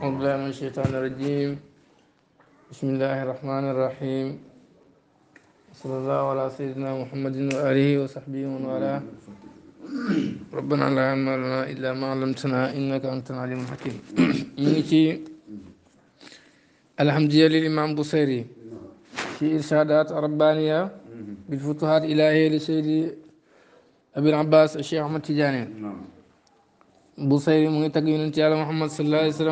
أعوذ بالله من الشيطان الرجيم بسم الله الرحمن الرحيم صلى الله على سيدنا محمد وآله وصحبه ومن والاه ربنا لا علم لنا إلا ما علمتنا إنك أنت العليم الحكيم منكي الحمد لله للإمام بوصيري في إرشادات ربانية بالفتوحات الإلهية لسيدي أبي العباس الشيخ أحمد تجاني نعم Busayri mu ngi tagg yonent yàlla Muhammad sallallahu alayhi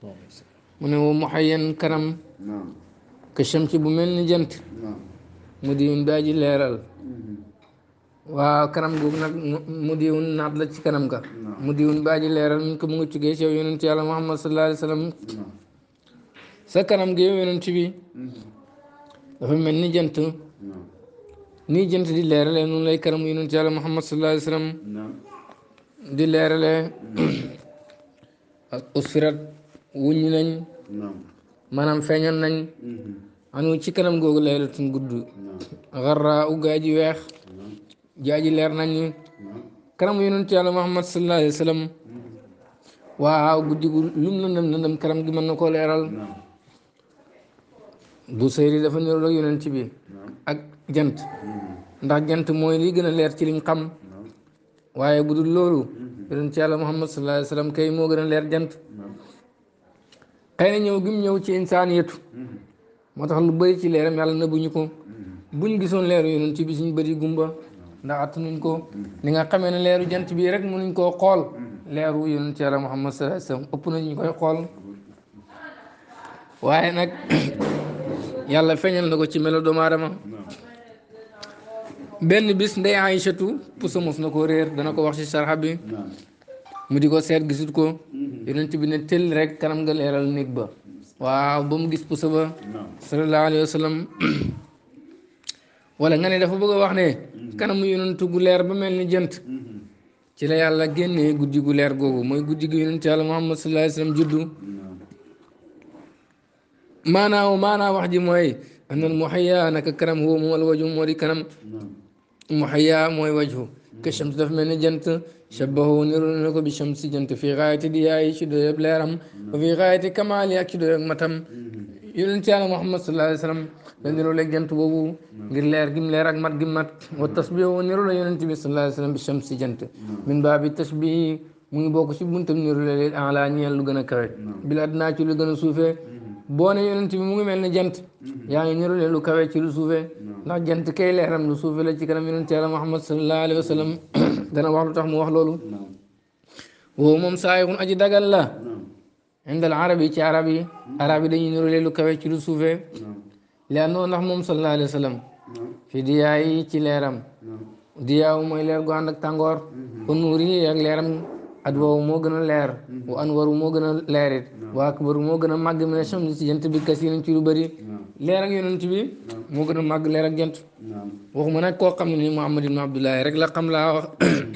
wa mu ne mu muxayyan kanam ka shamsi bu mel ni jant mu di yun daaji leeral mhm. waa kanam googu mu di yun naat la ci kanam ga mu di yun baaji leeral min ko mu ngi ci yonent yàlla Muhammad sallallahu alayhi wa sallam sa kanam gi yow yonent bi mhm. dafa mel ni jant nii jant di leeralee noonu lay kanam yonent yàlla Muhammad sallallahu alayhi wa sallam di leerale usfirat wuññi nañ maanaam feeñoon nañ mm-hmm. anu ci kanam googu laylatun gudd xarra u gaa ji weex jaa ji leer nañ kanam yonent yàlla Muhammad sallallahu alayhi wa sallam mm-hmm. waaw guddi gu lum lëndëm lëndëm kanam gi mën na koo leeral bu sëyri dafa niroog yonent bi ak jant mm-hmm. ndax jant mooy li gën a leer ci liñ kam waaye bu dul loolu mm-hmm. yonent yàlla muhammad sallallahu alayhi kay moo gën a leer jant xëy mm-hmm. na ñëw gim ñëw ci insaaniyatu mm-hmm. moo tax lu bëri ci leeram yàlla nëbbuñu ko buñ gisoon leeru yonent bi suñ bëri gumba ndax ko ni nga xamee ne jant bii rek mënuñ koo xool leeru yonent yàlla muhammad sallallahu alayhi wa sallam nañ ñu koy xool waaye nag yàlla feeñal na ko ci melo doomu aadama benn bis ndey Aysatu puso mos na koo réer dana ko wax ci sarxa mu di ko seet gisut ko yonent bi ne tëll rek kanam nga leeral néeg ba waaw ba mu gis puso ba sallallahu alayhi wa sallam wala nga ne dafa bëgg a wax ne kanamu yonent leer ba mel ni jant ci la yàlla génnee guddi gu leer googu mooy guddi gu yonent yàlla Muhammad sallallahu alayhi wa sallam juddu maanaaw maanaa wax ji mooy anal muhayya naka kanam woo moom alwajum moo di kanam muhayya mooy wajhu ke shams dafa mel ni jant shabahu niru na ko bi shamsi jant fii xaayati diyaayi ci doyab leeram wa fii xaayati kamaali ak ci doyab matam yonent yàlla Muhammad sallallahu alayhi la niru la jant min baabi tasbihi mu ngi bokk ci buntam niru la leen ala lu gën a kawe bil adnaa ci lu gën a suufee boo ne yonent bi mu ngi mel ni jant yaa niru leen lu kawe lu suufee ndax jant kay leeram lu suufi la ci kanam yonent Yàlla Muhammad sallallahu alayhi wa sallam dana wax lu tax mu wax loolu moom saayixun aji dagal la indal arab yi ci arab yi arab yi dañuy niróole lu kawe ci lu suufee leannoo ndax moom sallallahu alayhi wa sallam fi diyaa yi ci leeram diyaaw mooy leer gu ànd ak tàngoor kon mhm. nuur yi leeram ad moo gën a leer mhm. wa anwaru moo gën a leerit wa akbaru moo gën a màgg mi ne ci jant bi kasi nañ ci lu bari leer ak yonent bi moo gën a màgg leer ak jant waxuma nag koo xam ne nii Muhammad ibn Abdullahi rek la xam laa ko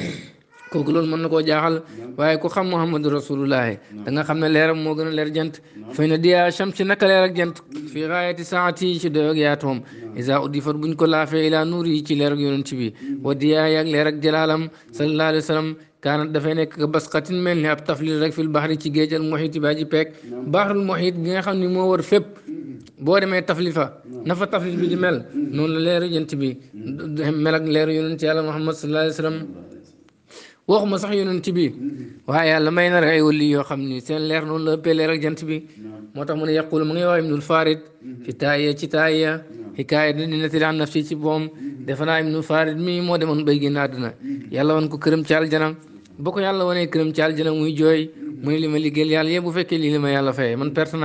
kooku loolu mën na koo jaaxal waaye ko xam Muhammadu Rasulullahi da nga xam ne leeram moo gën a leer jant fay na diyaa shamsi naka leer ak jant fii xaayati saati ci doyog yaatoom isa udifat buñ ko laafee ilaa nuur yi ci leer ak yonent bi wa diyaa yaag leer jalaalam sallallahu alayhi كانت دفينك بسقتين من لها بتفليل في البحر تيجي المحيط باجي بيك نعم. بحر المحيط جيخا نمور فيب بوري ما يتفليل فا نعم. نفا تفليل بيجي مل نعم. نون لير ينتبي ملك لير ينتبي على محمد صلى الله عليه وسلم وخ مسخ ينتبي وهاي الله ما ينرى يولي يخمني سين لير نون لبي لير ينتبي موتا من يقول من يوى ابن الفارد في تاية تاية حكاية نتلع نفسي تبوهم دفنا ابن الفارد مي مودة من بيجي نادنا يلا ونكو كرم تشال boko ko yàlla wanee këram ci aljana muy jooy mu ne li ma liggéeyal yàlla yëpp bu fekkee li ma yàlla fayee man perte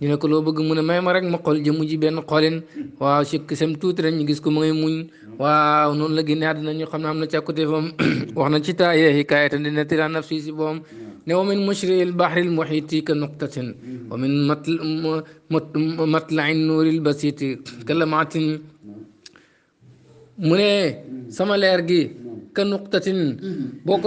ñu ne ko loo bëgg mu may ma rek ma xool jëmm ji benn xoolin waaw sikk sem tuuti rek ñu gis ko ma ngay muñ waaw noonu la génne àddina ñu xam ne am na càkkuteefam wax na ci taaye hikaayatan di nettali an nafsi si boom ne wa min mashrii lbahri lmuhiti ka nuqtatin wa min matlai nuuri lbasiti kalamaatin mu ne sama leer gi كنقطة بوك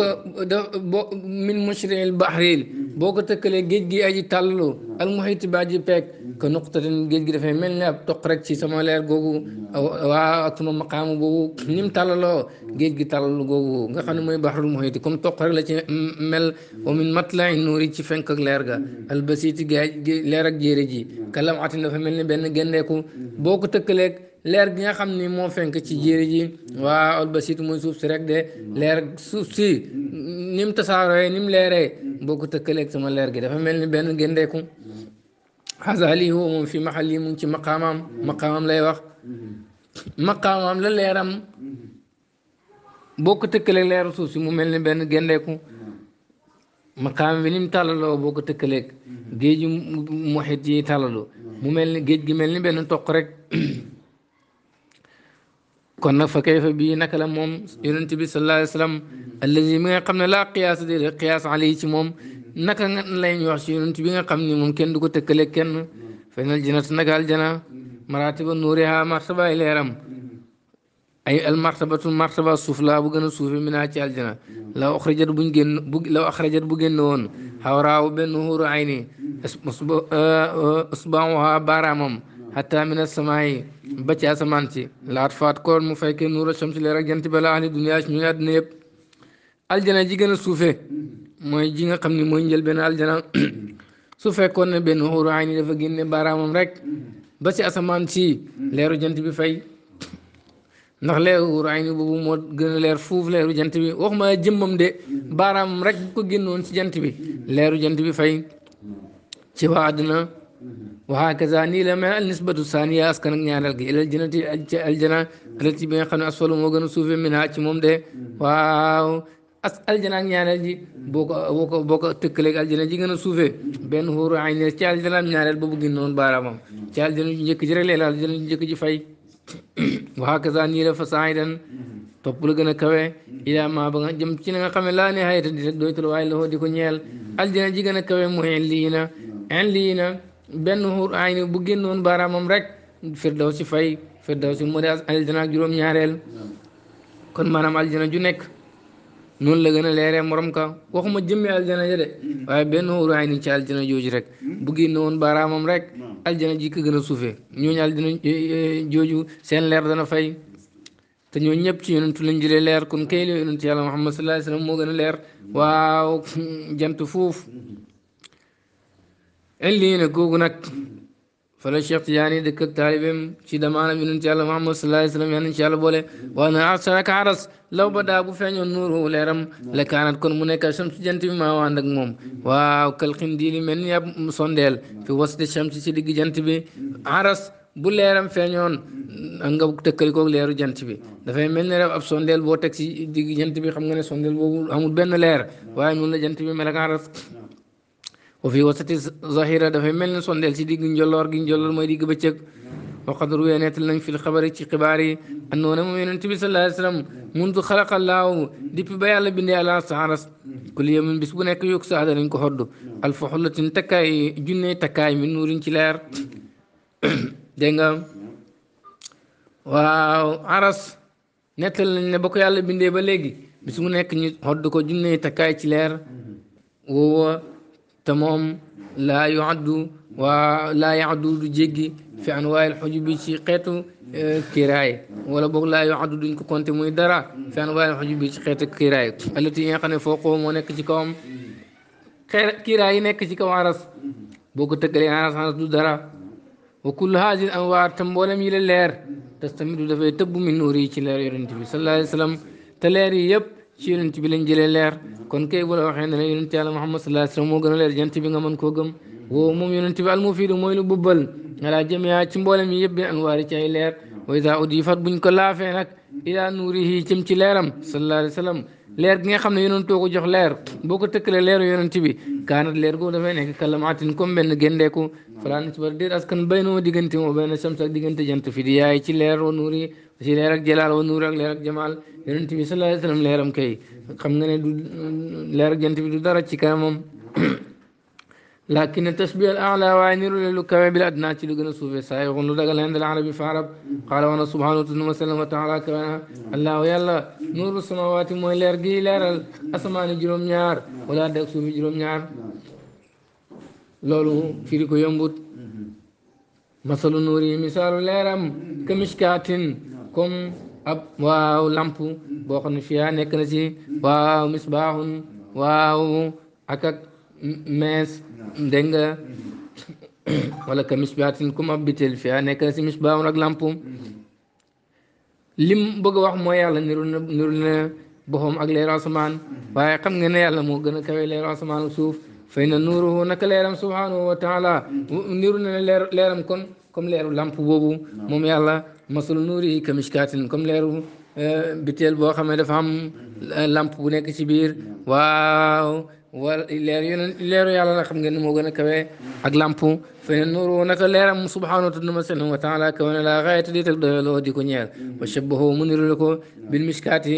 من مشرق البحرين بوك تكلي جيج جي أجي تالو المحيط باجي بيك كنقطة جيج جي فهم لنا تقرأ شيء سمالير جوجو وااا أكنو آه، مقام جوجو نيم تالو جيج جي تالو جوجو غخنو مي بحر المحيط كم تقرأ لشيء مل ومن مطلع النوري شيء فين كغلارجا البسيط جي لارك جيرجي كلام عطينا فهم لنا بين جنة كم بوك تكلي leer gi nga xam ni moo fenk ci jéeri ji mm. waa albasitu mooy suuf si rek de mm. leer suuf si mm. ni mu tasaaroo ni mu leeree boo ko tëkkaleeg sama leer gi dafa mel ni benn géndeeku xasali huwa moom fi maxal mu ngi ci maqaamam maqaamam lay wax maqaamam la leeram boo ko tëkkaleeg leeru suuf si mu mel ni benn géndeeku maqaam bi ni mu tàllaloo boo ko tëkkaleeg géeju muxit tàllaloo mu mel ni géej gi mel ni benn toq rek كون فكيف بي نكلا موم يونت بي صلى الله عليه وسلم الذي من قمنا لا قياس دي القياس عليه موم نكا لا يوحش يونت بي قمنا ممكن دوكو تكلي كن فإن الجنة نكا الجنة مراتب نورها مرتبة إلى رم أي المرتبة المرتبة السفلى بغن السفلى من أجل الجنة لو أخرجت بغن لو أخرجت بغن نون هوراو بن نور عيني آه، آه، أصبعها بارامم xataa min asamaay ba ci asamaan ci laat faat koon mu fekkee nuura shamsi leer ak jant bala ahli dunia si ñu àddina aljana ji gën suufe mooy ji nga xam ni mooy njël benn aljana su fekkoon ne benn xuuru ay ni dafa génne baaraamam rek ba ci asamaan si leeru jant bi fay ndax leeru xuuru boobu moo gën a leer fuuf leeru jant bi waxuma jëmmam de baaraamam rek bu ko génnoon ci jant bi leeru jant bi fay ci waa وهكذا ني لما النسبة الثانية أسكن نيانال إلى الجنة الجنة التي بين خن أسفل وغن سوف منها تموم ده واو as aljana ak ñaareel ji boo ko boo ko boo ko tëkkaleeg aljana ji gën a suufee benn xóoru ay ne ci aljana am ñaareel boobu gën noonu baaraamam ci aljana ju njëkk ji rek leela aljana ju ji fay waxaakasa nii la fa dan topp la gën a kawe ilaa maa ba nga jëm ci na nga xam ne laa ne xayata di rek doytul waaye loxo di ko ñeel aljana ji gën a kawe mu en lii na en benn xuur ayni bu génnoon baaraamam rek firdaw si fay firdaw si moo de aljana juróom-ñaareel kon maanaam aljana ju nekk noonu la gën a leeree morom ka waxuma jëmmi aljana ja de waaye benn xuur ayni ci aljana jooju rek bu woon baaraamam rek aljana ji ko gën a suufee ñooñu aljana eh, eh, jooju seen leer dana fay te ñoo ñëpp ci yonentu lañ jëlee leer kon kay la yonentu yàlla Muhammad moo gën a leer waaw jant foofu illiina googu nag fa la Cheikh Tijaani dëkk ak taalibeem ci damaanam yonent yàlla Muhammad sallallahu alayhi wa sallam yal nañu ci boole wa na asaraka aras law ba bu feeñoon nuuru leeram la kaanat kon mu nekk a jant bi maa ànd ak moom waaw kal xindiili mel ni ab sondeel fi wasati shamsi ci digg jant bi aras bu leeram feeñoon nga tëkkali kook leeru jant bi dafay mel ni ab sondeel boo teg ci digg jant bi xam nga ne sondeel boobu leer waaye noonu mel ak وفي وسط الظاهرة دفع ملن سون دل سيدي جنجلور جنجلور مويدي قبتك وقد روي أن يتلن في الخبر في قباري أنه نمو من النبي صلى الله عليه وسلم منذ خلق الله دي في بيال بن على سعرس كل يوم بسبونا كي يكسى هذا لنكو هردو ألف حلة تكاي جنة تكاي من نور انتلار دينغا واو عرس نتلن نبقى يالي بن بلغي بسبونا كي هردو جنة تكاي تلار وو تمام لا يعد ولا يعد جيجي في انواع الحجب شي قيتو آه، كراي ولا بوك لا يعد دنج كونت موي في انواع الحجب شي قيتو كراي التي يخني فوقو مو نيك كوم كراي نيك سي عرس بوك تكري عرس عرس دو دارا وكل هذه الانواع تمبولم يل لير تستمد دفاي تب من نوري شي لير صلى الله عليه وسلم تلير يب ci yonent bi lañ jëlee leer kon kay bu la waxee ne la yonent yàlla Muhammad sallallahu alayhi wasallam moo gën leer jant bi nga mën koo gëm woo moom yonent bi almufiidu mooy lu bubbal alaa jamia ci mboolem yi yëpp bi anwaari ci ay leer wa iza udifat buñ ko laafee nag ila nuurihi la ci leeram sallallahu alayhi wasallam leer gi nga xam ne yonentoo ko jox leer boo ko tëkkalee leeru yonent bi kaanat leer googu dafay nekk kalamaatin comme benn géndeeku falaa nisba déet askan baynoo diggante moo benn sams ak diggante jant fi di yaay ci leer wa nuur yi ci leer ak jalaal wa nuur ak leer ak jamaal yonent bi sallallahu alayhi wa sallam leeram kay xam nga ne du leer ak jant bi du dara ci kanamam لكن التشبيه الأعلى وعنير للكما بالأدنى تلقنا صوفي ساي غنو دقل عند العربي في قال وانا سبحانه وتعالى وتعالى كما الله يلا نور السماوات موي لير جي أسمان جروم نيار ولا دك صوفي جروم نيار لولو فيري كو يمبوت مثل نوري مثال ليرم كمشكاتين كم أب واو لامبو بوخن فيها نكنسي واو مصباح واو اكك ميس ndenga nga wala ka misbaatin ku ma bitel fi a nekk na si misbaam ak lampum lim bëgg wax mo yàlla niru niru na boppam ak leer asman waye xam nga ne yàlla mo gëna kawe leer asman suuf fayna nuruhu nak leeram subhanahu wa taala niru na leer leeram kon comme leeru lampu bobu mom yàlla masul nuri kamishkatin comme leeru bitel bo xamé dafa am lampu bu nek ci bir waaw wala leer yeneen leeru yàlla la xam ngeen moo gën a kawe ak lamp feneen nuuru naka leeram subhaanahu wa ta'ala sallam wa ta'ala kawe na laa xayata di tag doyaloo di ko ñeel wa shabbahu mu niru ko bil miskaati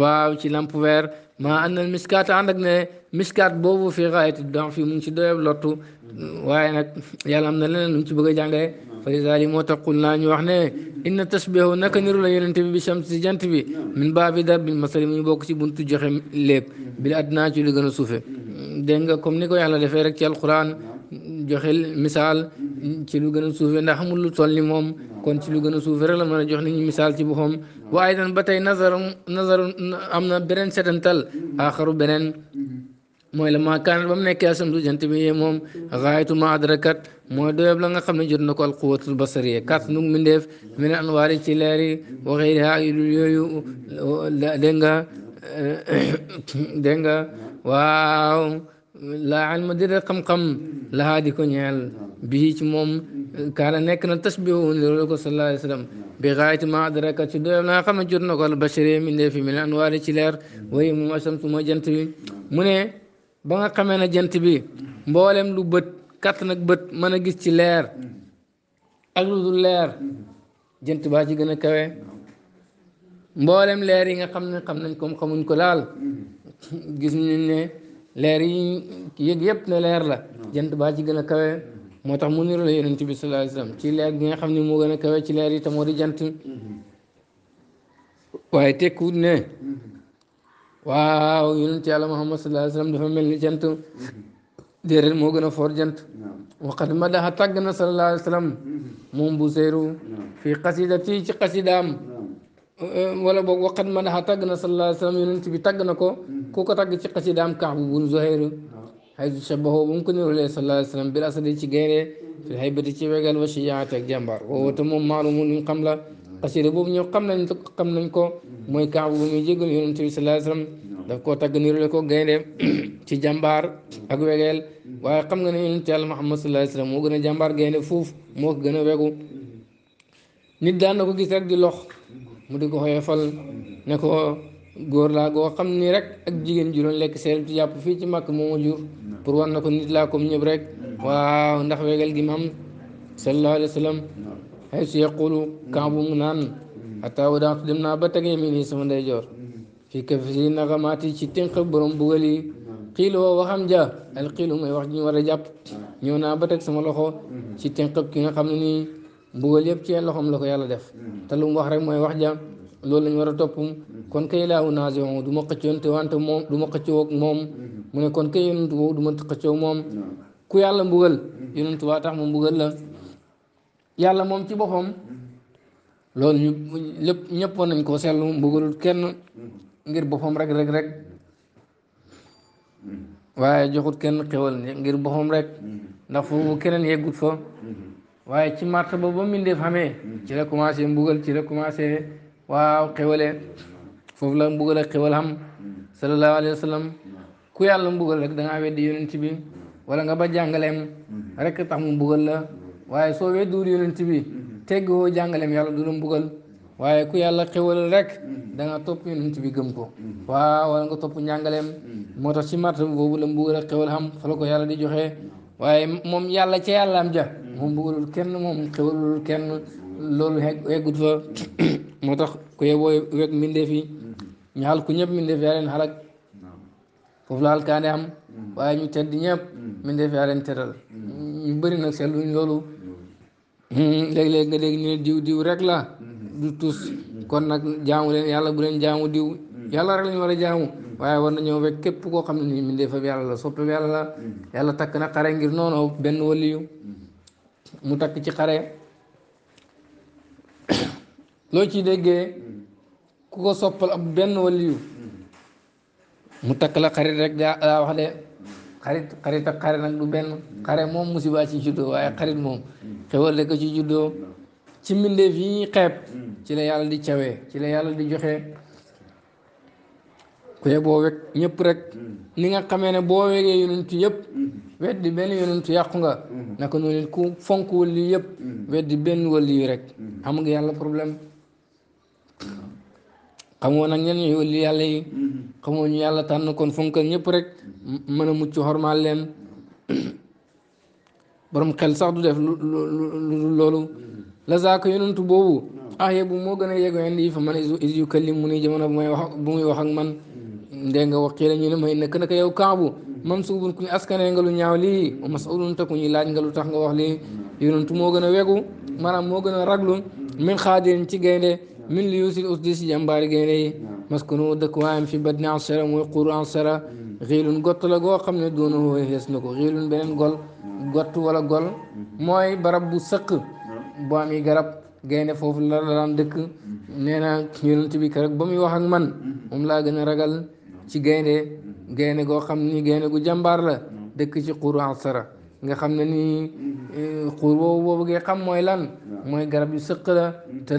waaw ci lamp weer maa ànd na miskaat ànd ak ne miskaat boobu fii xayati donc fii mu ngi ci doyab lottu waaye nag yàlla am na leneen lu mu ci bëgg a jàngale fa li moo tax naa ñu wax ne inna tasbihu naka niru la yonent bi bi shams si jant bi min baabi dar bil masali mi bokk buntu joxe léeb bil adnaa ci lu gën a suufe dégg nga comme ni ko yàlla defee rek ci alquran joxe misaal ci lu gën a suufe ndax amul lu toll ni moom kon ci lu gën a suufe la mën jox nit ñi misaal ci boppam waaye dan ba tey nazaru nazaru am na beneen setantal aaxaru beneen mm-hmm. موي لما كان بام نيك ياسم دو جنت بي موم غايه ما ادركت موي دوب لاغا خا نجر نكو القوه البصريه كات نو منديف من انوار تيلاري وغيرها يويو دنگا دنگا واو لا علم دير قم قم لا هادي كو نيال بي تي موم كان نيك نا تسبيح صلى الله عليه وسلم بغايه ما ادركت دوب لا خا نجر نكو البصريه من انوار تيلار وي موم اسمت ما جنت ba nga xamee ne jant bi mboolem lu bët kàtt nag bët mën a gis ci leer ak lu dul leer jant baa ci gën a kawe mboolem leer yi nga xam ne xam nañ ko xamuñ ko laal gis nañ ne leer yi yëg yëpp ne leer la jant baa ci gën a kawe moo tax mu niru la yonent bi sallallahu alayhi wasallam ci leer gi nga xam ne moo gën a kawe ci leer yi te moo di jant ne waaw yonent yàlla Muhammad sallallahu alayhi wa sallam dafa mel ni jant déedéet moo gën a foor jant waqad madaha tàgg na sallallahu alayhi wa sallam mm-hmm. moom bu seeru fii xasidati ci xasidaam uh, wala boog waqad madaha tàgg na sallallahu alayhi wa sallam yonent bi tàgg na ko mm-hmm. ku ko tàgg ci xasidaam Kaab bun Zuhayr xaytu shabaho bu mu ko nirolee sallallahu alayhi wa sallam bil asadi ci gaynde fi haybati ci wegal wa shiyaat ak jàmbaar woowu te moom maalumu ñu xam la xasida boobu ñëw xam nañ xam nañ ko mooy kaaw bu muy jégal yonent bi sallallahu alayhi wasallam mm-hmm. daf koo tagg nirule ko gaynde ci jàmbaar ak wegeel mm-hmm. waaye xam nga ne yonent yàlla Muhammad sallallahu alayhi moo gën a jàmbaar gaynde fuuf moo ko gën a wegu mm-hmm. nit daan na ko gis rek di lox mu di ko xoyofal ne ko góor laa goo xam ni rek ak jigéen ju doon lekk seen ci jàpp fii ci màkk moomu jur pour war na ko nit laa comme ñëpp rek waaw ndax wegeel gi mu am sallallahu alayhi xëy si yaqulu kambu mu naan xataa wadaat dem naa ba tege mi nii sama ndeyjoor fii ka fi naxamaati ci tënk borom bugal yi xiil woo waxam ja al xiilu may wax ñu war a jàpp ñëw naa ba teg sama loxo ci tënk ki nga xam ne nii bugal yëpp ci yenn loxoom la ko yàlla def te lu mu wax rek mooy wax ja loolu lañ war a topp kon kay laaw naasion du ma xëccoon te wante moom du ma xëccoo ak moom mu ne kon kay yonent boobu du ma xëccoo mu mbugal la yàlla moom ci boppam loolu ñu lépp ñëppoon nañ koo seetlu mbugalul kenn ngir boppam rek rek rek waaye joxut kenn xewal ngir boppam rek ndax foofu keneen yeggut fa waaye ci màtt ba ba mbindeef xamee ci la commencé mbugal ci rek commencé waaw xewale foofu la mbugal ak xewal xam sallallahu alayhi wa ku yàlla mbugal rek da ngaa weddi yonent bi wala nga ba jàngaleem rek tax mu mbugal la waaye soo wedduwul yonent bi mm-hmm. tegg woo jàngaleem yàlla du la mbugal mm-hmm. waaye ku yàlla xewal rek mm-hmm. da nga topp yonent bi gëm ko waaw wala nga topp njàngaleem moo tax ci martaba boobu la mbugal ak la ko yàlla di joxe waaye moom yàlla ca yàlla am ja moom mbugalul kenn kenn loolu eggut fa ku yeboo weg mbindeef yi ñu xal ku ñëpp mbindeef yaa waaye ñu tedd ñëpp mbindeef yaa leen teddal ñu bëri nag seetluñ loolu Hmm, léeg-léeg nga dégg ñu ne diw diw rek la mm-hmm. du tus mm-hmm. kon nag jaamu leen yàlla bu leen jaamu diw mm-hmm. yàlla rek la war a jaamu waaye war na ñëw rek képp koo xam ne nii fab yàlla la soppeeku yàlla la yàlla takk na xare ngir noonu benn waliyu mu takk ci xare loo ci déggee ku ko soppal benn mu takk la xarit rek daa wax de. xarit xarit ak xare nag du benn xare moom musiba ci juddoo waaye xarit moom xewal la ci juddoo ci mbindeef yi ñuy xeeb ci la yàlla di cawee ci la yàlla di joxe ku yeboo wek ñëpp rek ni nga xamee ne boo wegee yonentu yëpp di benn yonentu yàqu nga mm-hmm. naka noonu ku fonk wëlli yëpp mm-hmm. weddi benn wëlli yi rek am nga yàlla problème xamoo nag ñen ñooy wëli yàlla yi mm-hmm. xamoo ñu yàlla tànn kon fonkal ñëpp rek mm-hmm. mën a mucc xormaal leen mm-hmm. borom xel sax du def lu lu loolu la zaaka yonantu boobu ah yebu moo gën a yegoen yi fa man is yu mu ni jamono bu may muy wax ak man ndé nga wax la ñu ne may nekk naka yow kaabu mam suubun ku ñu askane nga lu ñaaw lii wa masulun te ku ñu laaj nga lu tax nga wax lii yonantu moo gën a wegu maanaam moo gën a raglu min xaadir ci gaynde min li yuusil usdi si jàmbaari gaynde yi maskunu dëkkuwaayam fi badni asara mooy xuuru asara xiilun gott la goo xam ne doona woo xees na ko xiilun beneen gol gott wala gol mooy barab bu sëq bu ami garab gaynde foofu la daan dëkk nee na yonent bi keroog ba muy wax ak man moom laa gën a ragal ci gaynde gaynde goo xam ni gaynde gu jàmbaar la dëkk ci xuuru asara nga xam ne nii xuur boobu boobu ngay xam mooy lan mooy garab yu sëq la te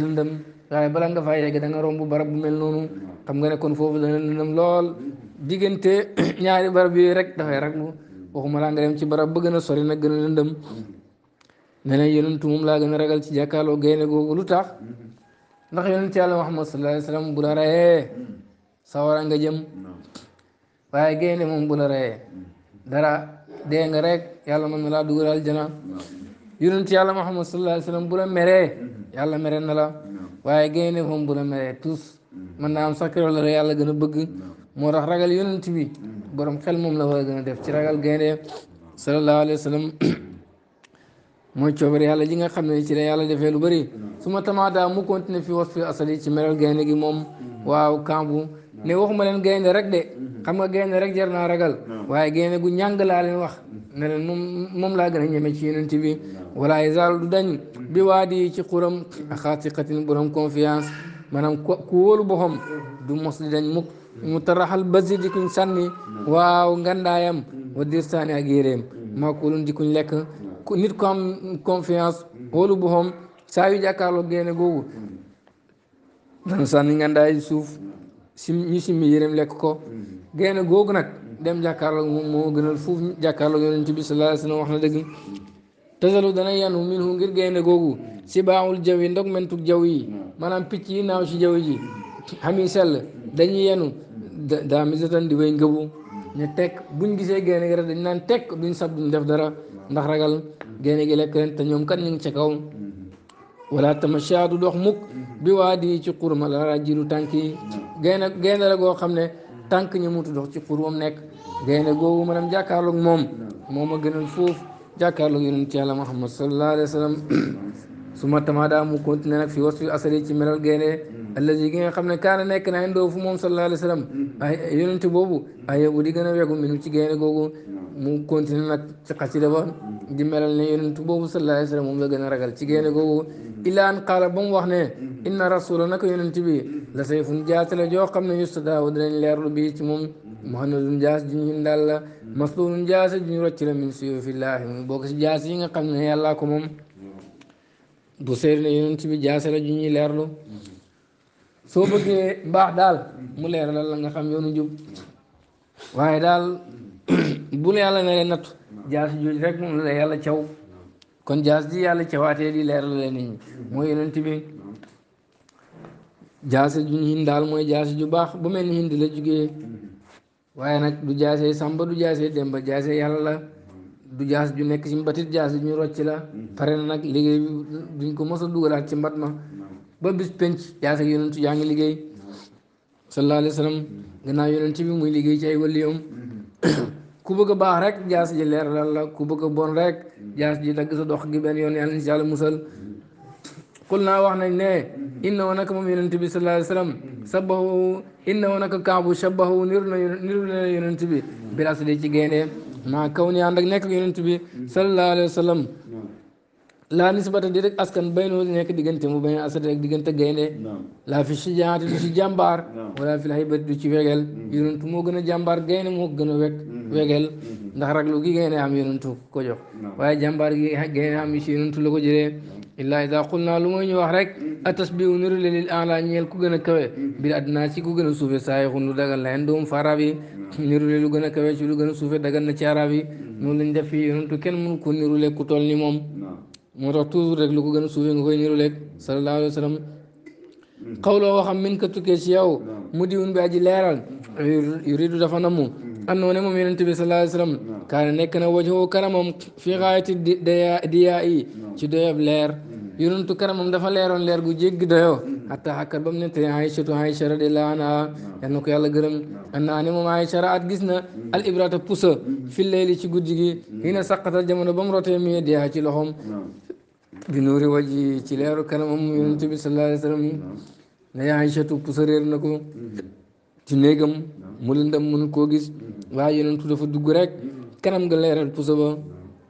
waaye balaa nga fay yegg danga nga romb barab bu mel noonu xam nga ne kon foofu dana lëndëm lool diggante ñaari barab yooyu rek dafay raglu waxuma laa nga dem ci barab ba gën a sori nag gën a lëndëm ne ne yonentu moom laa gën a ragal ci jàkkaarloo gaynde googu lu tax ndax yonent yàlla Muhammad sallallahu alayhi wa sallam bu la rayee sawara nga jëm waaye gaynde moom bu la rayee dara nga rek yàlla mën na laa dugal aljana yonent yàlla Muhammad sallallahu alayhi wa sallam bu yàlla mere na waaye gaynde moom bu la meree tous mën naa am sax keroog la yàlla gën a bëgg moo tax ragal yonent bi borom xel moom la war gën a def ci ragal gaynde sallallahu alayhi wa sallam mooy coobare yàlla ji nga xam ne ci la yàlla defee lu bëri su ma tamaadaa mu continué fi wasfi asali ci meral gaynde gi moom waaw kambu ne ma leen gaynde rek de mhm. xam nga gaynde rek jar naa ragal waaye gaynde gu ñàng laa leen wax mhm. ne leen moom moom laa gën a ñeme ci yonent bi wala isal du dañ mhm. bi waa di ci xuram xaatiqatin borom confiance maanaam ku wóolu boxam du mos di dañ mukk mu taraxal basi di kuñ sànni waaw ngandaayam wa dirsaani ak yéréem maa ko wóolun di kuñ lekk nit ko am confiance wóolu boxam saa jàkkaarloo gaynde googu dana sànni suuf sim ñu simmi yéreem lekk ko mm-hmm. gaynde googu nag dem jàkkaarloog moom moo gënal fuuf jàkkaarloog yonent bi sallallahu alayhi wasallam wax na dëgg tasalu dana yanu minhu ngir gaynde googu si baaxul jaw yi ndog jaw yi mm-hmm. maanaam picc yi naaw si jaw ji xami sell dañuy yanu daa misatan di way ngëbu ñu teg ñu gisee gaynde gi rek dañ naan teg bu sab duñ def dara mm-hmm. ndax ragal gaynde gi lekk leen te ñoom kan ñu ngi ca kaw wala tamasha du dox mukk bi waa di ci xur ma la jilu tànk yi gaynde gaynde goo xam ne tànk ñi mutu dox ci xur wam nekk gaynde googu maanaam jàkkaarloog moom moom a gënal foofu jàkkaarloog yonent yàlla Muhammad sallallahu alayhi wa sallam su ma tamaada mu continué nag fi wasfi asari ci melal gaynde allazi gi nga xam ne kaana nekk na indoo moom sallallahu alayhi wa sallam boobu ay yobu di gën a wegu minu ci gaynde googu mu continué nag ci xasida ba di melal ne yonent boobu sallallahu alayhi wa sallam moom la gën a ragal ci gaynde googu illaa an qaala ba mu wax ne mhm. inna rasula naka yonent bi mhm. la sayfun jaasi joo xam ne yustadaawu dinañ leerlu bii ci moom mhm. muhanadun jaas ju ñu hindaal la ñu rocc la min suyufillaahi mu bokk si jaas yi nga xam ne yàllaa ko moom bu seeri ne yonent bi jaasi la ñuy leerlu soo bëggee baax daal mu leer la la nga xam yoonu jub waaye daal bu yàlla na leen nattu jaasi jooju rek moom caw kon jaas ji yàlla ca waatee di leeral leen nit ñi mooy yonent bi jaase ju hin daal mooy jaase ju baax bu mel ni hind la jugee waaye nag du jaase sàmba du jaase demba jaase yàlla la du jaas ju nekk ci mbatit jaase ñu rocc la pare na nag liggéey bi duñ ko mos a dugalaat ci mbat ma ba bis penc jaase yonentu yaa ngi liggéey sallallahu alayhi wa sallam gannaaw yonent bi muy liggéey ci ay wàlliyoom ku bëgg a baax rek jaas ji leer la ku bëgg a bon rek jaas ji dagg sa dox gi benn yoon yàlla incha allah musal xul naa wax nañ ne inna woon naka moom yonent bi sa alayhi wa sallam sabahu inna woon naka kaabu sabahu niru na niru na yonent bi bilaas di ci génnee maa kaw ni ànd ak nekk yonent bi sallallahu alayhi wa sallam laa nisbata di rek askan baynoo di nekk diggante mu bañ asad rek diggante gaynde laa fi sijaati du ci jàmbaar wala fi laxibati du ci wegel mm-hmm. yonentu moo gën a jàmbaar gayne moo gën a wek mm-hmm. wegel mm-hmm. ndax raglu gi gaynde am yonentu ko jox waaye jàmbaar gi gaynde am si yonentu la ko jëlee illaa ida qul naa lu mooy ñu wax rek a tasbihu niru le lil ala gën a kawe bir adnaa ci ku gën a suufe saayi xun lu dagal la hen doom fa arab niru le lu gën a kawe ci lu gën a suufe dagal na ci arab yi noonu lañ def fii yonentu kenn mënu ko nirule ku toll ni moom moo tax toujours rek lu ko gën a suufee nga koy niru rek sallallahu alayhi wa sallam xawloo waxam min ka tukkee ci yow mu diwun bi aji leeral yuridu dafa namu annoo ne moom yonent bi sallallahu alayhi wa sallam nekk na wajoo karamam fi xaayati diyaa yi ci doyob leer yonentu karamam dafa leeroon leer gu jéggi doyo hatta hakkat ba mu ne tey Aïchatu Aïcha radiyallahu anha yal na ko yàlla gërëm annaa ne moom Aïcha raat gis na al ibrata pusa fi layli ci guddi gi hina saqatal jamono ba mu rotee mi diyaa ci loxoom bi nuuri wajji ci leeru kanamam yonent bi la alayhi wa sallam ne Aysatu pusa réer na ko ci néegam mu lëndam mënu koo gis waaye yonentu dafa dugg rek kanam nga leeral pusa ba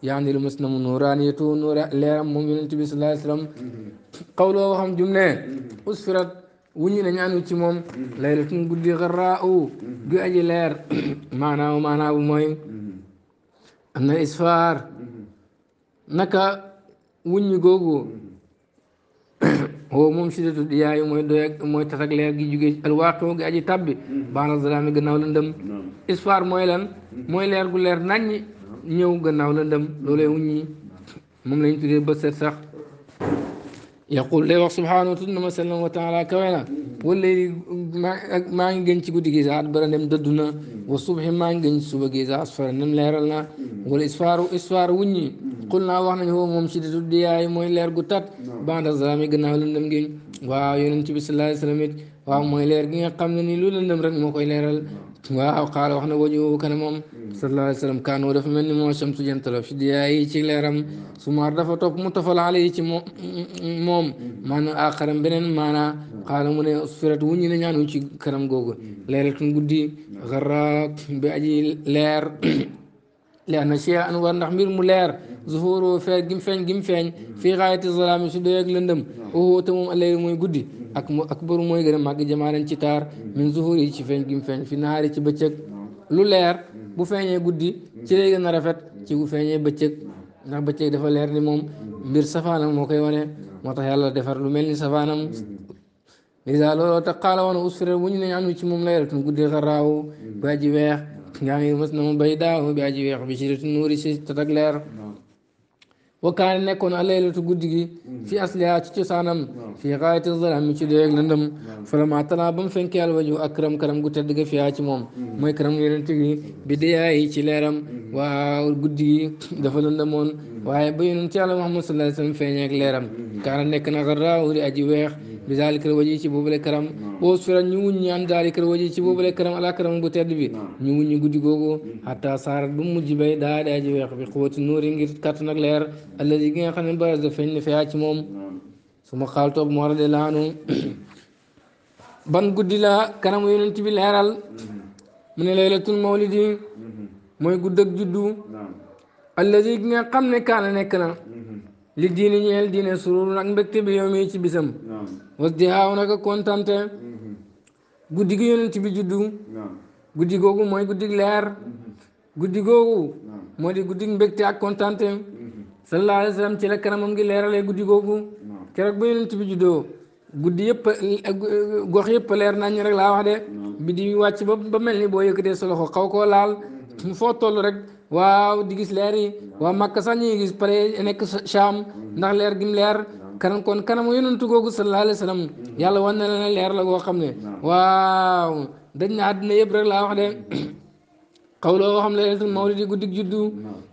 yaani lu mas na mu nuuraaniyatu nuura leeram moom yonent bi sallallahu alayhi wa sallam xawloo waxam jum ne usfirat wuñu ne ñaanu ci moom laylatun guddi xarraa u du aji leer maanaaw maanaaw bu mooy am na isfaar naka wuññi googu woo moom siddatu yaayu mooy doy mooy tas ak leer gi jugee alwaaqi gi aji tabbi mm-hmm. baana zalaami gannaaw lëndëm mm-hmm. isfaar mooy lan mm-hmm. mooy leer gu leer naññ ñëw gannaaw lëndëm loolee wuññi moom lañ tuddee ba set sax يقول لي سبحانه وتعالى مثلا وتعالى كوينا واللي ما ما ينجي قد كيزا عبر نم ددنا والصبح ما ينجي سو بكيزا اصفر نم ليرلنا والاسفار اسفار وني قلنا واحنا هو ممشي دودي اي موي لير غوتات نعم. بعد الظلام غنا لن نم جين واو يونس بي صلى الله عليه وسلم waaw mooy leer gi nga xam ne ni lu lëndëm rek moo koy leeral waaw xaala wax na waju kana moom sallallahu alayhi wa sallam kaanoo dafa mel ni moo samsu jant la fi diyaay ci leeram sumaar dafa topp mu tafal ala yi ci moom maanaam aqaram beneen maanaa xaala mu ne sufirat wuññi na ñaanu ci kanam googu leeratun guddi xarra bi aji leer li anna shee an war ndax mbir mu leer zuhuru feer gim feeñ gim feeñ fii xaayati zalaami su doyeeg lëndëm woo te moom allayli mooy guddi ak mu akbaru mooy gën a màgg jamaalan ci taar min ci feeñ gim feeñ fi naari ci bëccëg lu leer bu feeñee guddi ci lay gën a rafet ci bu feeñee bëccëg ndax bëccëg dafa leer ni moom mbir safaanam moo koy wane moo tax yàlla defar lu mel ni safaanam lisa looloo tax xaala woon usfira bu ñu ne am ci moom laylatun guddi xaraaw waa ji weex gaa ngi mas na mu bay daaw bi aji weex bi si nuuri si tatak leer wakkaane nekkoon alleylatu guddi gi fi asliha ci cosaanam fi xaayati zalami ci doyeeg lëndëm falama tala ba mu fenkee alwaju ak këram këram gu tedd ga fiyaa ci moom mooy këram yonent bi bi dayaayi ci leeram waa guddi gi dafa lëndëmoon waaye ba yonent yàlla muhammad sallallahu alayhi wasallam feeñeeg leeram kaana nekk na xarraaw di aji weex bi daalika waji ci boobule këram oo sura ñu wuññi an daalika waji ci boobule këram karam këram gu tedd bi ñu wuññi guddi googu hatta saarat ba mu mujj bay daa di aji weex bi xuwati nuuri ngir alladi gi nga xam ne barasa feeñ ne feyaa ci moom su ma xaal toob mu war a de ban guddi la kanam yonent bi leeral mu ne laylatul mawlidi mooy gudd ak juddu alladi gi nga xam ne kaana nekk na li diine ñeel diine sururu ak mbégte bi yow ci bisam was di aaw naka kontante guddi gi yonent bi juddu guddi googu mooy guddi leer guddi googu moo di guddi mbégte ak kontante sallallahu alayhi wa sallam ci ngi leeralee guddi googu keroog ba yonent bi juddoo guddi yëpp yëpp leer nañ rek laa wax de bi di wàcc ba ba mel boo yëkkatee sa loxo xaw koo laal mm-hmm. mu foo toll rek waaw di leer yi waa Makka sax ñuy gis pare nekk Sham mm-hmm. ndax leer gim leer kon kanamu yonent googu sallallahu alayhi wa sallam mm-hmm. yàlla na leer la goo xam ne waaw dañ na àddina yëpp rek wax de xawloo waxam la laylatul mawlidi guddig juddu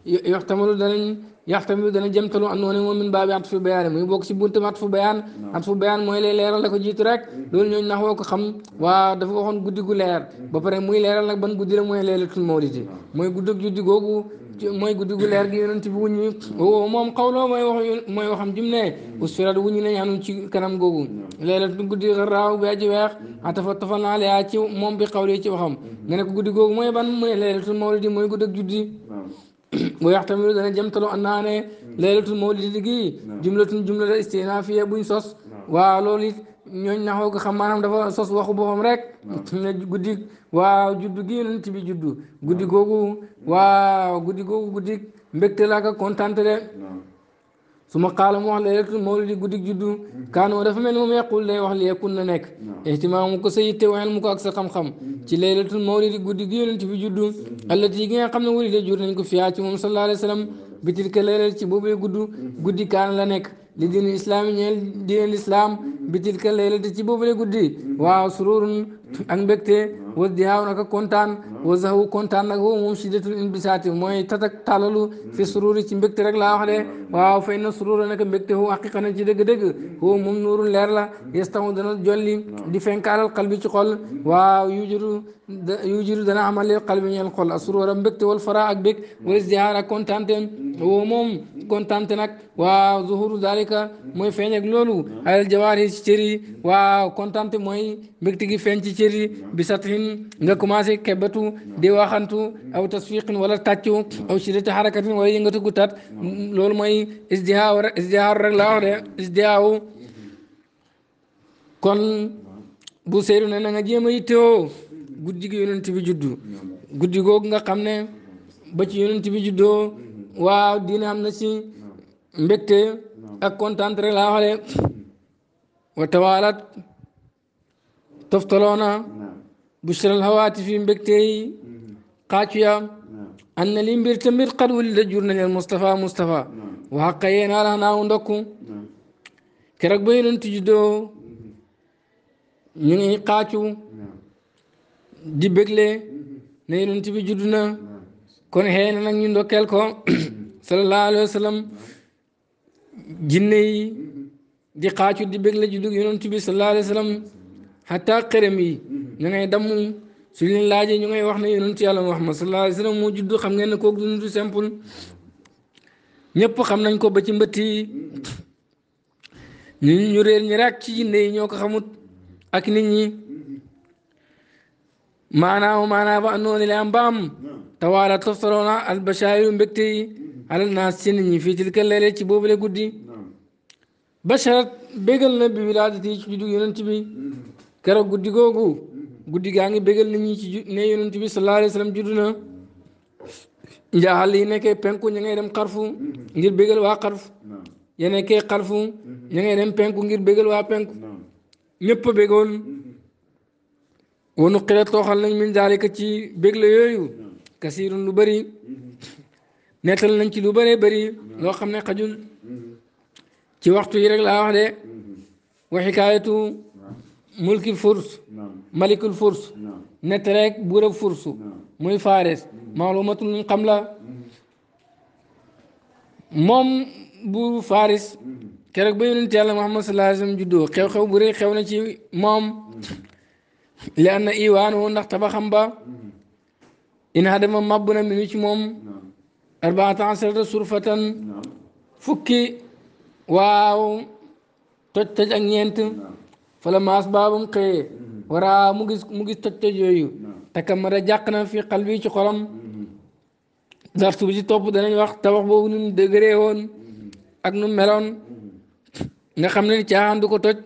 yoxtamalu danañ yaxtami dana jëmtalu am noo ne moom min baabi at fu bayaan muy bokk si buntam at fu bayaan at fu bayaan mooy lay leeral la ko jiit rek hmm. loolu ñooñu nax woo ko xam waa dafa waxoon guddi gu leer hmm. ba pare muy leeral nag ban guddi la mooy leelatul mawlidi mooy guddug juddi googu hmm. mooy guddi gu leer gi yonent bi wuññi woo moom xawloo mooy wax mooy waxam jum ne usturat wuññi nañ anu ci kanam googu leelatul guddi raaw bi aji weex atafa tafa naa laa ci moom bi xawli ci waxam nga ne ko guddi googu mooy ban mooy leelatul mawlidi mooy guddug juddi ويحتمل دنا جمتلو أنها ليلة المولد دي جملة جملة buñ sos waa ولولي ñooñ naxoo ko xam maanaam dafa sos waxu boppam rek ne guddi waaw juddu gi yonent bi juddu guddi googu waaw guddi googu guddi mbégte la ak de ثم قال مو لك مولد جدك جدو كانوا دافا مل مو يقول لي واخ لي يكون نيك نعم. اهتمامك سيتي وين مو كاك سخم خم تي ليله المولد جدك يونت في جدو التي غي خم نولي دي جور نكو فيا آية تي محمد صلى الله عليه وسلم بتلك الليله تي بوبي جدو جدي كان لا لدين الاسلام نيل دين الاسلام بتلك الليله تي بوبي جدي واو ak mbégte wa diyaaw naka kontaan wa zahu kontaan nag woo moom siddatul inbisaati mooy tatak tàllalu fi sururi ci mbégte rek laa wax de waaw fay na surura naka mbégte woo xaqiqa na ci dëgg-dëgg woo moom nuurun leer la yestahu dana jolli di fenkaalal xalbi ci xol waaw yujiru yujiru dana amalil xalbi ñeel xol a surura mbégte wal fara ak bég wala ziyaar ak kontante woo moom kontante nag waaw zuhuru dalika mooy feeñ ak loolu alal jawaar yi ci cër yi waaw kontante mooy mbégte gi feeñ ci cër yi bi satrin nga commencé kebbatu di waxantu aw tasfiqin wala tàccu aw shiddati harakatin wala yëngatu gu tat loolu mooy isdihaaw rek isdihaaw rek laa wax de isdihaaw kon bu seeru ne na nga jéem a yittewoo guddi gi juddu guddi googu nga xam ne ba ci yonent bi juddoo waaw diine am na si mbégte ak kontaan rek laa wax wa tawaalaat تفطرون بشرى الهواتف بكتي قاتيا أن الإمبير تمير قد ولد جرنا للمصطفى مصطفى وحقين على هنا وندكو كرك بين تجدو من قاتو di bégle ne yonent bi judd na kon xëy na nag ñu ndokkeel ko sallallahu alayhi wa sallam jinne yi di xaacu di bégle juddu yonent bi sallallahu alayhi wa sallam xataa xërëm yi ñu ngay damm su leen laajee ñu ngay wax ne yonent yàlla Muhammad sallallahu alayhi wa sallam moo xam ngeen ne kooku du simple ñëpp xam nañ ko ba ci mbëtt yi ñu ñu ñi rek ci jinne ñoo ko xamut ak nit ñi maanaam maanaam ba andoona li am ba am tawaala toftaloona albashaayiru mbégte yi naas ci nit ñi fii tilka leele ci boobu boobule guddi basharat bégal na bi ci juddu yonent bi keroog guddi googu guddi gaa ngi bégal na ñi ci ne yonent bi sallallahu alayhi wa sallam juddu na njaaxal yi penku ña ngay dem xarfu ngir bégal waa xarfu ya nekkee xarfu ña ngay dem penku ngir bégal waa penku ñëpp a bégoon wanu xirat tooxal nañ min daalika ci bégle yooyu kasiirun lu bëri nettal nañ ci lu bëree bëri loo xam ne xajul ci waxtu yi rek laa wax ملك الفرس نعم. ملك الفرس نترك بور الفرس مي فارس نعم. معلومة من قملة مم بور فارس نعم. كرك بين تعالى محمد صلى الله عليه وسلم جدو نعم. خيو خيو بوري خيو مم لأن إيوان هو نخت بخمبا نعم. إن هذا ما بنا من يش مم أربعة عشر رسول فتن فكي واو تتجنيت fala maas baabam mm-hmm. waraa mu gis mu gis tëj tëj yooyu takamara jàq na fi xal bi ci xolam mm-hmm. ndax suuf ci topp danañ wax tabax boobu nu mu woon mm-hmm. ak nu melon nga xam ne caaxaan du ko toj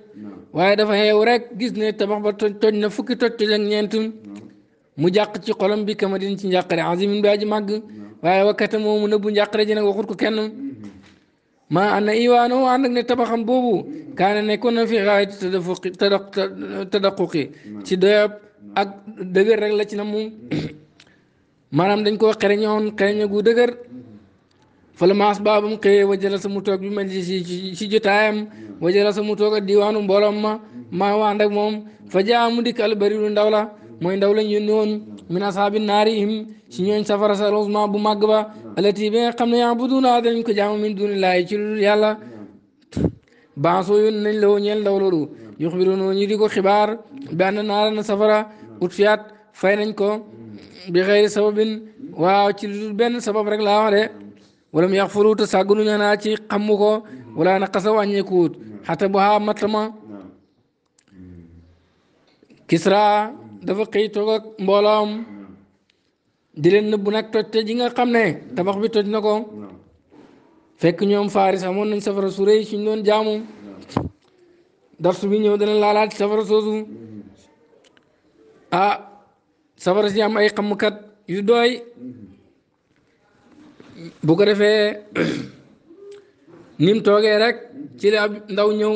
waaye dafa xeew rek gis ne tabax ba toj toj na fukki toj toj ak ñeent mu jàq ci xolam bi kamadin ci njàqare azimin bi aji màgg waaye wakkate moomu nëbbu njàqare ji nag waxut ko kenn maa ànd iwaano ànd ne tabaxam boobu kaana nekkoon na fi xaay tadafuqi tada tadaquqi ci doyab ak dëgër rek la ci na mu maanaam dañ koo xereñoon xereñe gu dëgër fala maas baabam xëyee wajala sa mu toog bi mel ci ci jotaayam wajala sa mu toog ak diwaanu mbooloom ma maa ànd ak moom fa jaamu dikk albariru ndaw la mooy ndaw lañ yónni woon min asaabi naarihim si ñooñ safara sa losma bu màgg ba alati bi nga xam ne yaabuduuna dañ ko jaamu min dunillaahi ci lu yàlla baasoo yónni nañ la woo ñeel ndaw di ko xibaar bi anna naara na safara utfiyaat fay nañ ko bi xëyri sababin waaw ci lu benn sabab rek laa wax de wala mu yaxfuru te sàggunu ñanaa ci xamu ko wala naqasa wàññeekuwut xata bu haa matama kisra dafa xëy toog ak mbooloom hmm. di leen nëbbu nag toj te ji nga xam ne tabax bi toj na ko hmm. fekk ñoom faaris amoon nañ safara su rëy suñ doon jaamu hmm. darsu bi ñëw dana laalaat safara soosu ah safara si am ay xamukat yu doy bu ko defee ni toogee rek ci la ab ndaw ñëw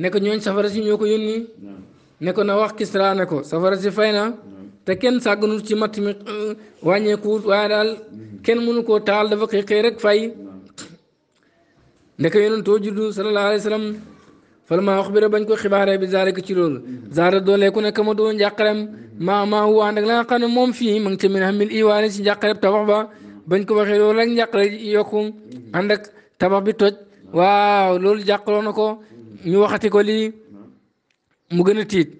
nekk ñooñ safara si ñoo ko yónni ne ko na wax Kisra ne ko safara si fay na te kenn sàgganut ci matt mi wàññeekuut waaye daal kenn mënu ko taal dafa xëy xëy rek fay ndeke yonent too juddu sallallahu alayhi wa sallam falammaa uxbira bañ ko xibaaree bi zaalika ci loolu zaara doole ku nekk ma doon njàqarem maa maa wu ànd ak la moom fii ma ngi ci min hamil iwaani si njàqareb tabax ba bañ ko waxee loolu rek njàqare yokku ànd ak tabax bi na ko ko lii مغنتيت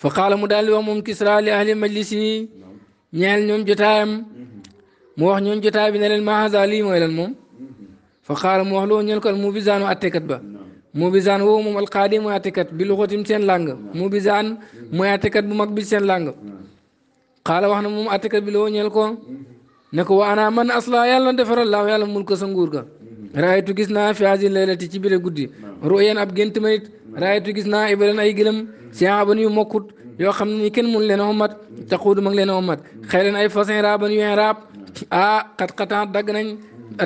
فقال مودال ومم كسرى لاهل مجلسي نيال نيوم جتايم مو واخ نيوم جتاي بي نالن ما هذا لي موي لان موم فقال مو واخ لو نيل كون مو بيزان واتيكات با مو بيزان هو موم القادم واتيكات بلغتهم سين لانغ مو بيزان مو اتيكات بو ماك بي سين لانغ قال واخنا موم اتيكات بلو نيل كون نكو وانا من اصلا يالا دفر الله يالا ملك سنغورغا raaytu gis naa fi hasil laylati ci biir guddi ruyan ab gént ma raaytu gis naa ibadan ay gëlëm siyaaban yu mokkut yoo xam ni kenn mun leen a omat taxuudu mag leen a omat xeyran ay fasin raaban yu raab ah xat-xataan dagg nañ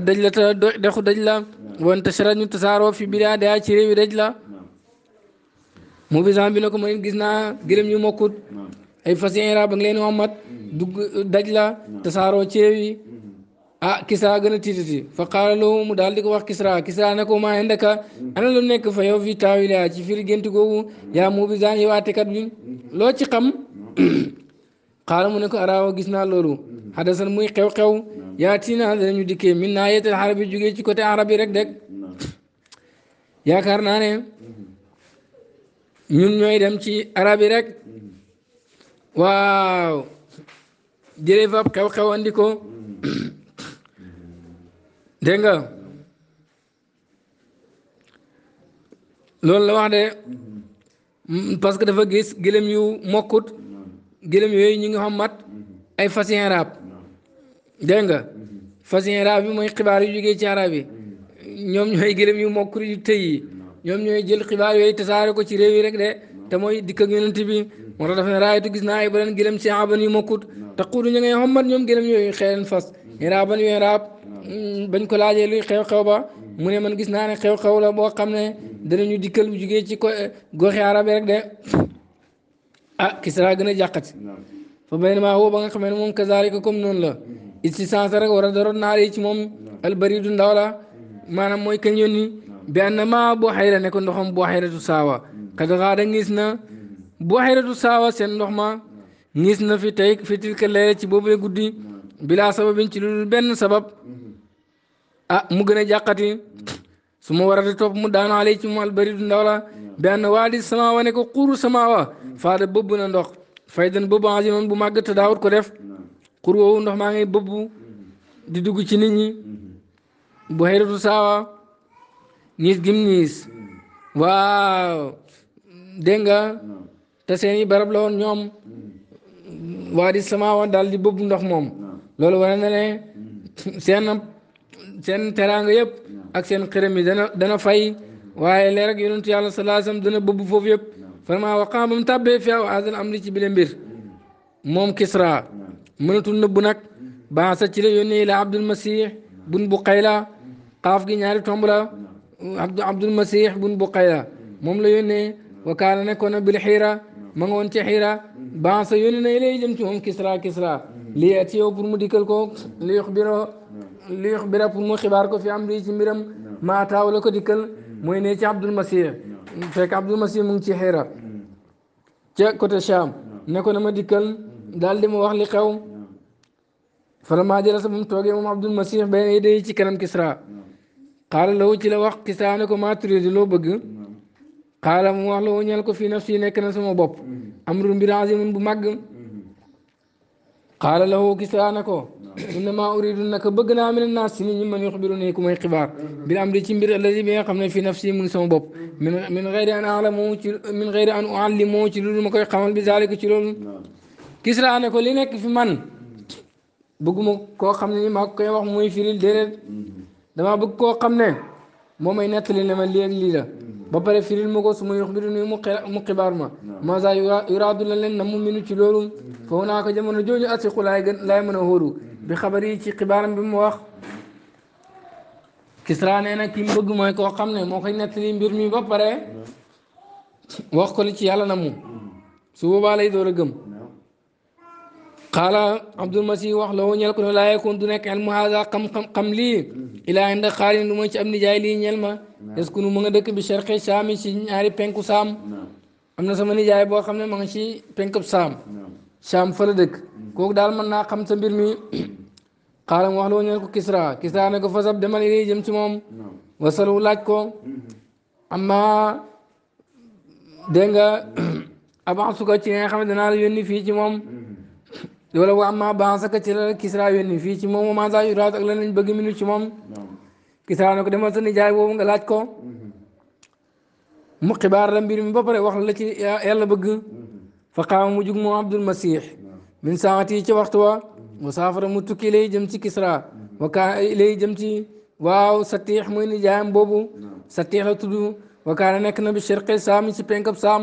daj la ta dexu daj la wan tashara ñu tasaaroo fi bidaa daa ci réewi daj la mu bisan bi ne ko man gis naa gëlëm yu mokkut ay fasin raaban leen a omat mm. dugg daj la tasaaroo ah Kisra gën a tiitati fa qaala lahu mu daal di ko wax Kisra Kisra ne ko maa indaka ana lu nekk fa yow fii taawila ci firi googu yaa mu bi zaan yow àttekat bi loo ci xam qaala mu ne ko araawa gis naa loolu hadasan muy xew-xew yaa tii naa danañu ci côté arab yaakaar naa ne ñun ñooy dem ci arab yi rek waaw jëlee fa xew ko dégg nga loolu la wax de mm, parce que dafa gis gëlëm yu mokkut gëlëm yooyu ñi nga xam mat ay fasin rab dégg nga fasin rab bi mooy xibaar yu jógee ci arab yi ñoom ñooy gëlëm yu mokkut yu tëy yi ñoom ñooy jël xibaar yooyu saare ko ci réew yi rek de te mooy dikk ak yonent bi moo tax dafa ne raayatu gis naa ay beneen gëlëm si aban yu mokkut te xuudu ñu ngay xam mat ñoom gëlëm yooyu xeelen fas iraaban yu iraab mm, bañ ko laajee luy xew-xew ba mu ne man gis naa ne xew-xew la boo xam ne ñu dikkal bu jugee ci goxi arab yi rek de ah Kisra gën a jàqati fa beneen maa woo nga xamee ne moom kazaalika comme noonu la istissance rek war a daroon naa ci moom albaridu ndaw la maanaam mooy kañ yónni bi ànd maa boo xayra ne ko ndoxam boo xayratu saawa xadaxaa da ngis na boo xayratu saawa seen ndox ma ngis na fi tey fi tilka leere ci guddi bilaa sababin ci lu dul benn sabab ah mu gën a jàqati su ma war topp mu daanu alay ci mu albari du ndaw la benn waa di sama wane ko xuru sama wa faada bëbb na ndox faydan bëbb aziman bu màgg te daawut ko def xur woowu ndox maa ngi bëbb di dugg ci nit ñi bu xeyratu saawa ñiis gim ñiis waaw dégg nga te seeni barab la woon ñoom waa di sama daal di bëbb ndox moom loolu wane na ne mm. seen teraanga yëpp ak seen xërëm yi dana dana fay mm-hmm. waaye leer ak yonentu yàlla salaasam dana bëbb foofu yëpp vraiment waqaa ba mu tàbbee fi aw azal am li ci bile mbir mm. moom Kisra mënatul nëbbu nag mm-hmm. baasa ci la yónnee la Abdul Masih bun bu Qayla mm-hmm. gi ñaari tomb Abdul Abdul bun bu Qayla moom la yónnee wakaana nekkoon na bil xiira ma nga woon ci xiira baasa yónnee na ilay jëm ci moom Kisra Kisra. lii ati yow pour mu dikkal ko li yuxbira li yuxbira pour mu ko fi am rii ci mbiram maa taaw la ko dikkal mooy ne ci Abdul Masih fekk Abdul Masih mu ngi ci xeera ca côté Cham ne ko na ma dikkal dal di ma wax li xew falamaa jalasa ba mu toogee moom Abdul Masih bayna yaday ci kanam Kisra xaala lawu ci la wax Kisra ne ko maa turidi loo bëgg xaala mu wax la ñal ko fii naf si nekk sama bopp amru mbir azimun bu màgg قال له كسانكو إنما أريد أنك بغنا من الناس سنين من يخبرني كما يخبر بالأمر تنبير الذي بي خمنا في نفسي من سمو بوب من, من غير أن اعلم من غير أن اعلم لول مكوي قمل بذلك تي تلول كسرانكو نيك في من bëgguma كو xam ما كاي واخ موي muy firil déedéet dama bëgg koo xam ne moo may لي ne ba pare firil ma ko su ma yox biru ni mu mu xibaar ma masa yuraadu la leen na mu minu ci loolu mm-hmm. foofu naa ko jamono jooju asiqu laay gën laay mën a hóoru mm-hmm. bi xabar yi ci xibaaram bi mu wax Kisra nee na ki mu bëgg koo xam ne moo koy nettali mbir mi ba pare mm-hmm. wax ko li ci yàlla na mu su boobaa lay door a gëm xaala abdul masih wax la ñel ko ne laa yekoon du nekk elmu haza xam-xam xam lii ilaa inda xaalin lu mooy ci am nijaay lii ñel ma est-ce que nu mu nga dëkk bi sharqi saami si ñaari penku saam am na sama nijaay boo xam ne ma nga ci penkub saam saam fa la dëkk hmm. daal mën naa xam sa mbir mi xaala mu wax la woo ñel ko kisra kisra ne ko fasab demal ilay jëm ci moom wasalu laaj ko hmm. amma dégg nga ko ci nga xam ne danaa la yónni fii ci moom hmm. loola wa amma bansaka ci la Kisra yónni fii ci moom ma za yuraat ak lan lañ bëgg minu ci moom Kisra ne ko demal sa nijaay boobu nga laaj ko mu xibaar la mbir mi ba pare wax la ci yàlla bëgg fa qaama mu jug moom Abdul Masih min saati ci waxtu wa wa saafara mu tukki lay jëm ci Kisra wa kaa lay jëm ci waaw Satix mooy nijaayam boobu Satix la tudd wakaana nekk na bi sharqi saam ci penkab saam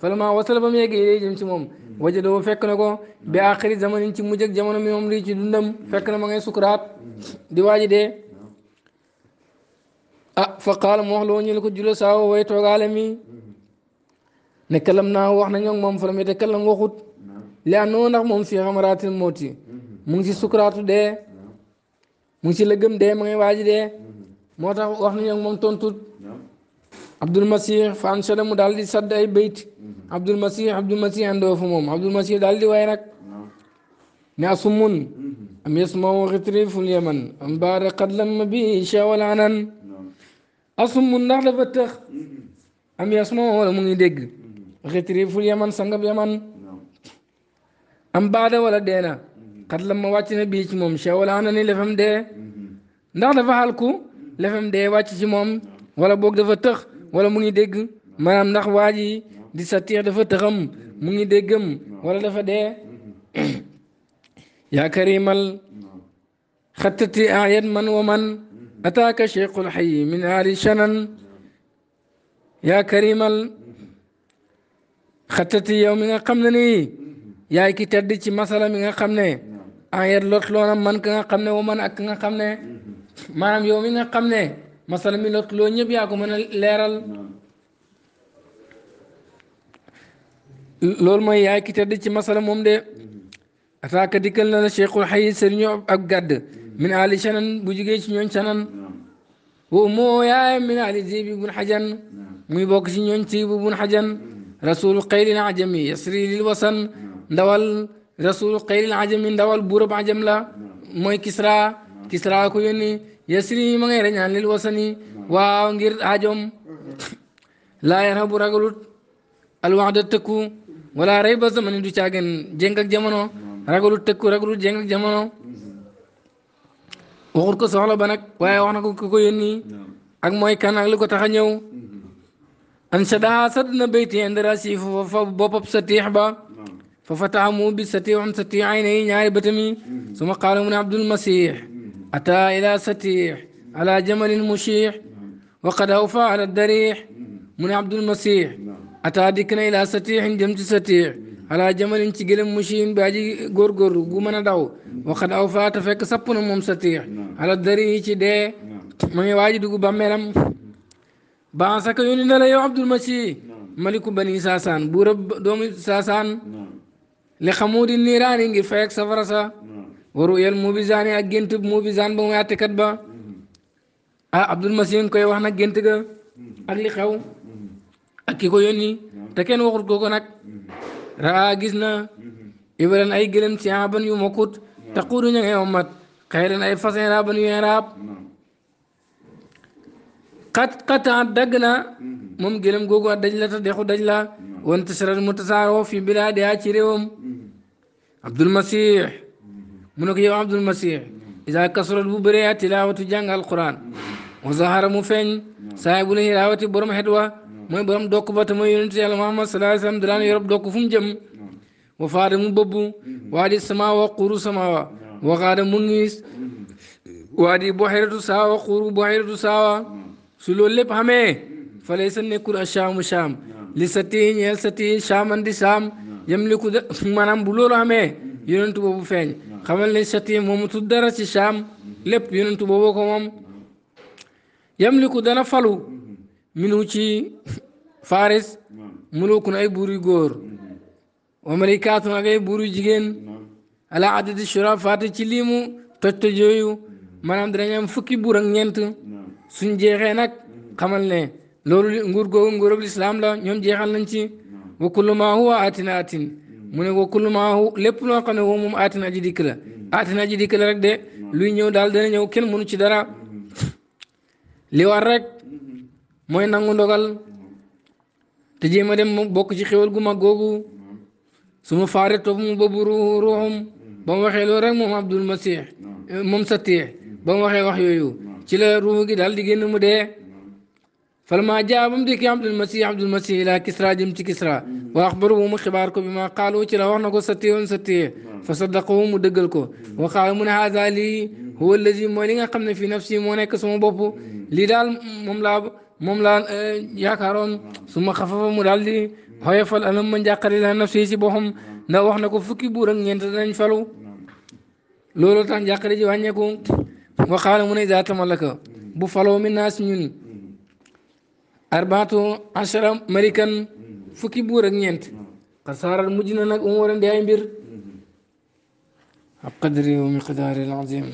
falammaa wasala ba mu yeggee léegi jëm ci moom wajadoo fekk na ko bi aaxiri zamanin ci mujj ak jamono mi moom lii ci dundam fekk na ma ngay sukuraat di waaji dee ah fa mu wax loo ñu ne ko jula saawo way mi ne kalam naa wax nañu moom falam yete kalam waxut li àndoo mu ngi ci sukuraatu dee mu ngi ci lëggëm dee ma ngay waaji dee moo tax wax nañu ak moom tontut abdul masih fa ansala mu daal di sadd ay bayt abdul masih abdul masih àndoo fa moom abdul masih daal di way nag ne asumun am yasmau xitriful yaman am baara qad lamma bi shawalanan asumun ndax dafa tëx am yasmau wala mu ngi dégg xitriful yaman sangab yaman am baada wala deena qad lamma wàcc na bii ci moom shawalanan ni lefam dee ndax dafa xalku lefam dee wàcc ci moom wala boog dafa tëx wala mu ngi dégg maanaam ndax waa ji di sa tiix dafa tëxam mu ngi déggam wala dafa dee yaa karimal xattati ayat man wa man ataaka cheikhul xayi min aali chanan yaa karimal xattati yow mi nga xam ne nii yaay ki tedd ci masala mi nga xam ne ayat lot loona man ka nga xam ne wa man ak ka nga xam ne maanaam yow mi nga xam ne masala mi lott loolu ñëpp yaa ko mën a leeral loolu mooy yaay ki tedd ci masala moom de ataaka dikkal na la cheikhul xayi sëriñu ab gàdd min ali canan bu jugee ci ñooñ canan wo moo yaayam min ali zibi bun xajan muy bokk ci ñooñ siibu bun xajan rasul xayril ajami yasri lil wasan ndawal rasul xayril ajami ndawal buurab ajam la mooy kisra kisra ko yónni yasri ma ngay reñaan lil wasani waaw ngir aajoom laa yarhabu ragalut alwaxda tëkku wala rey ba zamani du caagen jéng jamono ragalut tëkku ragalut jéng ak jamono waxut soxla ba nag waaye wax na ko ku ko yónni ak mooy kan ak li ko tax a ñëw an sadaa sadd fa boppam sa ba fa fataamu bi sa tiixam ay na ñaari bëtam yi su ma abdul masih أتى إلى ستيح على جمل مشيح وقد أوفى على الدريح من عبد المسيح أتى ديكنا إلى ستيح جمت ستيح على جمل تجلم مشين باجي غرغر غمنا داو وقد أوفى تفك سبنا مم ستيح على الدريح دي من يواجد بملم بانسك يوني لا عبد المسيح ملك بني ساسان بورب دوم ساسان لخمود النيران ينجي فيك سفرسا ورؤيا الموبيزاني أجنت موبيزان بوم يعتقد با آه، عبد المسيح كوي وانا أجنت كا أغلي خاو أكيد كوي يني تكين وقول كوكناك را أجزنا إبرن أي جلن سيابن يوم أكوت تقولون يعني أمت خيرن أي فصين رابن يوم راب قد قد أدقنا مم جلن جوجو دجلة تدخل دجلة وانتشر المتسارو في بلاد أشيرهم عبد المسيح منك يا عبد المسيح إذا كسر الببرية تلاوة جنگ القرآن وظهر مفن له الهلاوة برم حدوة ما برم دوك بات ما يونس على محمد صلى الله عليه وسلم دلان يرب دوك فم جم وفار مببو وادي السماء وقرو سماوة وغار منيس وادي بحيرة ساوة وقرو بحيرة ساوة سلو لب همي فليس نكر الشام شام لستين يلستين شام اندي شام يملك منام بلور همي yonentu boobu feeñ xamal ne Shatim moomutul dara ci Sham lépp yonentu boobu ko moom yamliku dana falu minu ci Faris mulukun ay buur yu góor wa malikaatun ak ay buur yu jigéen ala adadi ci liimu toj toj yooyu maanaam danañ am fukki buur ak ñeent suñ jeexee nag xamal ne loolu nguur googu nguurub lislaam la ñoom jeexal nañ ci wa huwa atin atin mu ne ko kullu maa lépp loo xam ne woo moom aatina aji dikk la aatina aji dikk la rek de luy ñëw daal dana ñëw kenn munu ci dara li war rek mooy nangu ndogal te jéem a dem bokk ci xéwal gu mag googu su ma faaree topp mu bëbb ba waxee loolu rek moom Abdul Masih moom Satih ba waxee wax yooyu ci la ruux gi daal di génn mu dee. فلما جاء بمدك عبد المسيح عبد المسيح إلى كسرى جمت كسرى وأخبروهم خباركم بما قالوا ترى وحنا ستي ستي فصدقوه مدقلكو وقالوا من هذا لي هو الذي مولين قمنا في نفسي مونا سمو بوبو لي دال مملا مملا آه، كارون ثم خفف مدال لي هيفل ألم من جاقر إلى نفسي بهم نا وحنا كو فكي بورن ينتدن فلو لولو تان جاقر جي وانيكو وقالوا من ذات ملك بو بفلو من ناس نيوني arbaatu ashara malikan fukki buur ak ñeent xasaaral mujj na nag umuran di ay mbir ab qadri wa miqdaari al azim